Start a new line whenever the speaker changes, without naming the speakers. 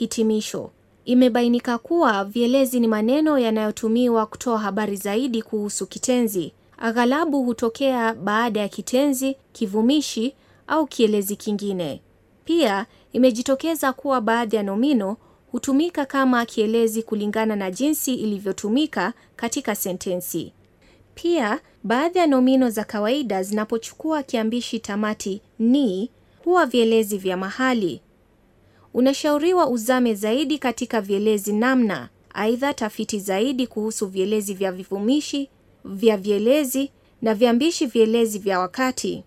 Hitimisho. Imebainika kuwa vielezi ni maneno yanayotumiwa kutoa habari zaidi kuhusu kitenzi. Aghalabu hutokea baada ya kitenzi, kivumishi au kielezi kingine. Pia imejitokeza kuwa baadhi ya nomino hutumika kama kielezi kulingana na jinsi ilivyotumika katika sentensi. Pia baadhi ya nomino za kawaida zinapochukua kiambishi tamati ni huwa vielezi vya mahali. Unashauriwa uzame zaidi katika vielezi namna. Aidha, tafiti zaidi kuhusu vielezi vya vivumishi, vya vielezi na viambishi vielezi vya wakati.